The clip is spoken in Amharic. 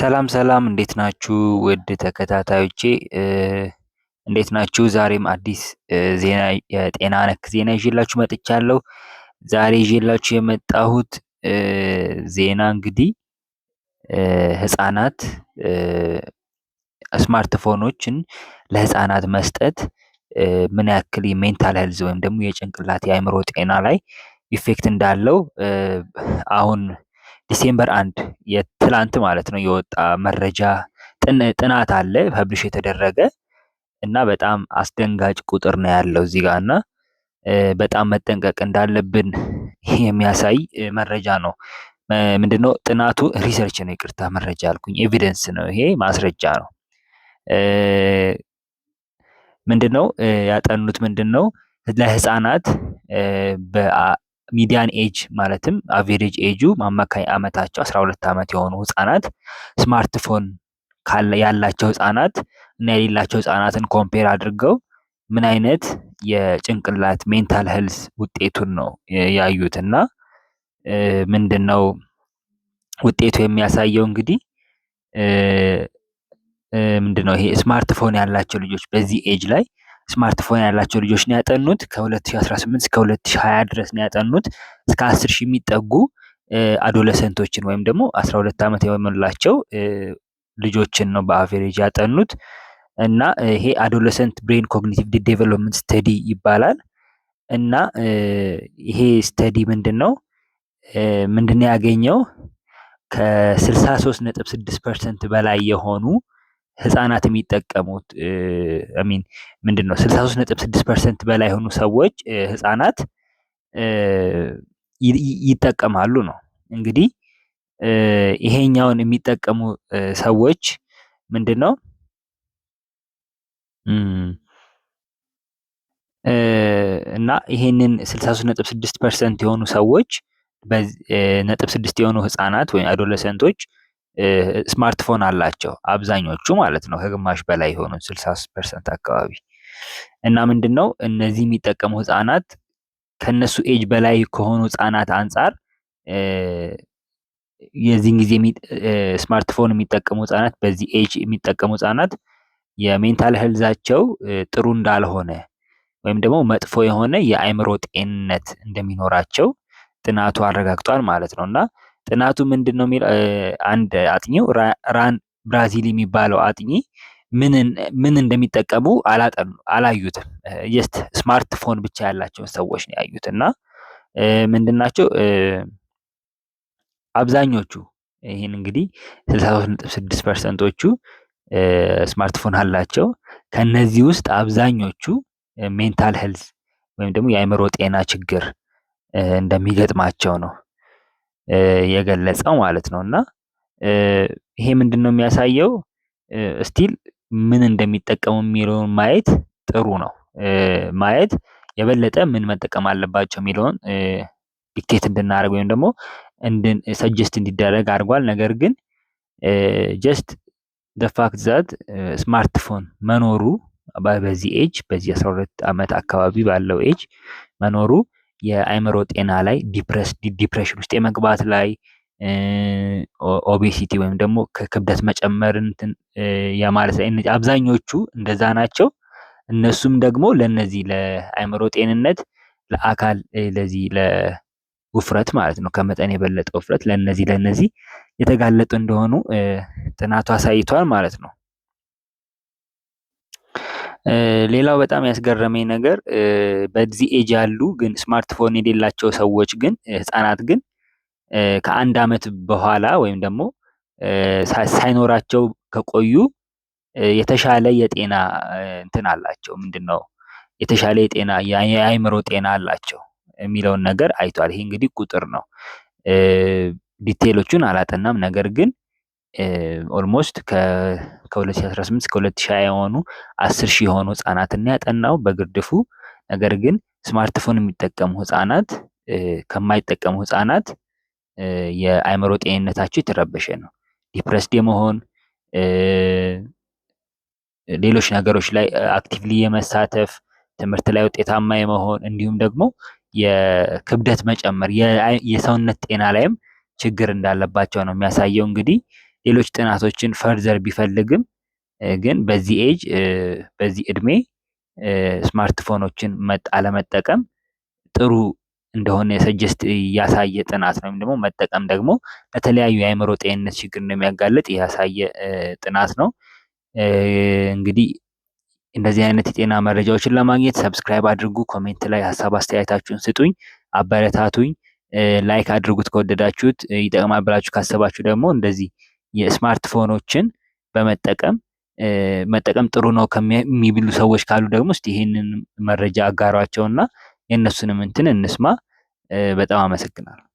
ሰላም ሰላም እንዴት ናችሁ? ውድ ተከታታዮቼ እንዴት ናችሁ? ዛሬም አዲስ ዜና የጤና ነክ ዜና ይዤላችሁ መጥቻለሁ። ዛሬ ይዤላችሁ የመጣሁት ዜና እንግዲህ ህጻናት ስማርትፎኖችን ለህፃናት መስጠት ምን ያክል የሜንታል ሄልዝ ወይም ደግሞ የጭንቅላት የአእምሮ ጤና ላይ ኢፌክት እንዳለው አሁን ዲሴምበር አንድ የትላንት ማለት ነው የወጣ መረጃ ጥናት አለ ፐብሊሽ የተደረገ እና በጣም አስደንጋጭ ቁጥር ነው ያለው እዚህ ጋር እና በጣም መጠንቀቅ እንዳለብን የሚያሳይ መረጃ ነው። ምንድነው ጥናቱ? ሪሰርች ነው ይቅርታ፣ መረጃ አልኩኝ። ኤቪደንስ ነው ይሄ ማስረጃ ነው። ምንድነው ያጠኑት? ምንድነው ለህፃናት ሚዲያን ኤጅ ማለትም አቬሬጅ ኤጁ ማማካይ ዓመታቸው 12 ዓመት የሆኑ ህጻናት ስማርትፎን ያላቸው ህጻናት እና የሌላቸው ህጻናትን ኮምፔር አድርገው ምን አይነት የጭንቅላት ሜንታል ሄልስ ውጤቱን ነው ያዩት እና ምንድን ነው ውጤቱ የሚያሳየው እንግዲህ ምንድን ነው ይሄ ስማርትፎን ያላቸው ልጆች በዚህ ኤጅ ላይ ስማርትፎን ያላቸው ልጆች ነው ያጠኑት። ከ2018 እስከ 2020 ድረስ ነው ያጠኑት። እስከ 10 ሺህ የሚጠጉ አዶለሰንቶችን ወይም ደግሞ 12 ዓመት የሞላቸው ልጆችን ነው በአቬሬጅ ያጠኑት እና ይሄ አዶለሰንት ብሬን ኮግኒቲቭ ዴቨሎፕመንት ስተዲ ይባላል። እና ይሄ ስተዲ ምንድን ነው ምንድን ነው ያገኘው ከ63.6 ፐርሰንት በላይ የሆኑ ህፃናት የሚጠቀሙት ሚን ምንድን ነው ስልሳ ፐርሰንት በላይ የሆኑ ሰዎች ህፃናት ይጠቀማሉ ነው። እንግዲህ ይሄኛውን የሚጠቀሙ ሰዎች ምንድን ነው እና ይሄንን 63.6 ፐርሰንት የሆኑ ሰዎች ነጥብ ስድስት የሆኑ ህፃናት ወይም አዶለሰንቶች ስማርትፎን አላቸው አብዛኞቹ ማለት ነው ከግማሽ በላይ የሆኑ ስልሳ ፐርሰንት አካባቢ እና ምንድነው እነዚህ የሚጠቀሙ ህፃናት ከነሱ ኤጅ በላይ ከሆኑ ህፃናት አንጻር የዚህን ጊዜ ስማርትፎን የሚጠቀሙ ህጻናት በዚህ ኤጅ የሚጠቀሙ ህፃናት የሜንታል ሄልዛቸው ጥሩ እንዳልሆነ ወይም ደግሞ መጥፎ የሆነ የአእምሮ ጤንነት እንደሚኖራቸው ጥናቱ አረጋግጧል ማለት ነው እና ጥናቱ ምንድነው የሚለው አንድ አጥኚው ራን ብራዚል የሚባለው አጥኚ ምን እንደሚጠቀሙ አላጠኑ አላዩትም። ጀስት ስማርትፎን ብቻ ያላቸውን ሰዎች ነው ያዩት እና ምንድን ናቸው አብዛኞቹ ይህን እንግዲህ ስልሳ ፐርሰንቶቹ ስማርትፎን አላቸው። ከነዚህ ውስጥ አብዛኞቹ ሜንታል ሄልዝ ወይም ደግሞ የአእምሮ ጤና ችግር እንደሚገጥማቸው ነው የገለጸው ማለት ነው። እና ይሄ ምንድን ነው የሚያሳየው ስቲል ምን እንደሚጠቀሙ የሚለውን ማየት ጥሩ ነው። ማየት የበለጠ ምን መጠቀም አለባቸው የሚለውን ዲክቴት እንድናደርግ ወይም ደግሞ ሰጀስት እንዲደረግ አድርጓል። ነገር ግን ጀስት ፋክት ዛት ስማርትፎን መኖሩ በዚህ ኤጅ በዚህ 12 ዓመት አካባቢ ባለው ኤጅ መኖሩ የአእምሮ ጤና ላይ ዲፕሬሽን ውስጥ የመግባት ላይ ኦቤሲቲ ወይም ደግሞ ከክብደት መጨመር የማለት ላይ አብዛኞቹ እንደዛ ናቸው። እነሱም ደግሞ ለነዚህ ለአእምሮ ጤንነት ለአካል ለዚህ ለውፍረት ማለት ነው ከመጠን የበለጠ ውፍረት ለነዚህ ለነዚህ የተጋለጡ እንደሆኑ ጥናቱ አሳይቷል ማለት ነው። ሌላው በጣም ያስገረመኝ ነገር በዚህ ኤጅ ያሉ ግን ስማርትፎን የሌላቸው ሰዎች ግን ህጻናት ግን ከአንድ አመት በኋላ ወይም ደግሞ ሳይኖራቸው ከቆዩ የተሻለ የጤና እንትን አላቸው ምንድን ነው የተሻለ የጤና የአይምሮ ጤና አላቸው የሚለውን ነገር አይቷል። ይሄ እንግዲህ ቁጥር ነው። ዲቴሎቹን አላጠናም ነገር ግን ኦልሞስት ከ2018 እስከ 2020 የሆኑ 10 ሺህ የሆኑ ህጻናትን ያጠናው በግርድፉ። ነገር ግን ስማርትፎን የሚጠቀሙ ህጻናት ከማይጠቀሙ ህጻናት የአእምሮ ጤንነታቸው የተረበሸ ነው። ዲፕረስድ የመሆን ሌሎች ነገሮች ላይ አክቲቭሊ የመሳተፍ ትምህርት ላይ ውጤታማ የመሆን እንዲሁም ደግሞ የክብደት መጨመር የሰውነት ጤና ላይም ችግር እንዳለባቸው ነው የሚያሳየው እንግዲህ ሌሎች ጥናቶችን ፈርዘር ቢፈልግም ግን በዚህ ኤጅ በዚህ እድሜ ስማርትፎኖችን አለመጠቀም ጥሩ እንደሆነ ሰጀስት ያሳየ ጥናት ነው። ወይም ደግሞ መጠቀም ደግሞ ለተለያዩ የአእምሮ ጤንነት ችግር እንደሚያጋልጥ ያሳየ ጥናት ነው። እንግዲህ እንደዚህ አይነት የጤና መረጃዎችን ለማግኘት ሰብስክራይብ አድርጉ። ኮሜንት ላይ ሀሳብ አስተያየታችሁን ስጡኝ፣ አበረታቱኝ። ላይክ አድርጉት ከወደዳችሁት። ይጠቅማል ብላችሁ ካሰባችሁ ደግሞ እንደዚህ የስማርትፎኖችን በመጠቀም መጠቀም ጥሩ ነው ከሚብሉ ሰዎች ካሉ ደግሞ እስቲ ይህንን መረጃ አጋሯቸውና የእነሱንም እንትን እንስማ። በጣም አመሰግናለሁ።